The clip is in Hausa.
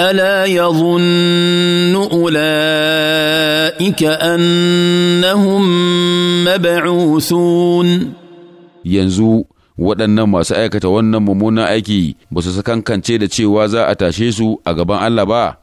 الا يظن اولئك انهم مبعوثون yanzu waɗannan masu aikata wannan mummunan aiki ba su sakankance da cewa za a tashe su a gaban Allah ba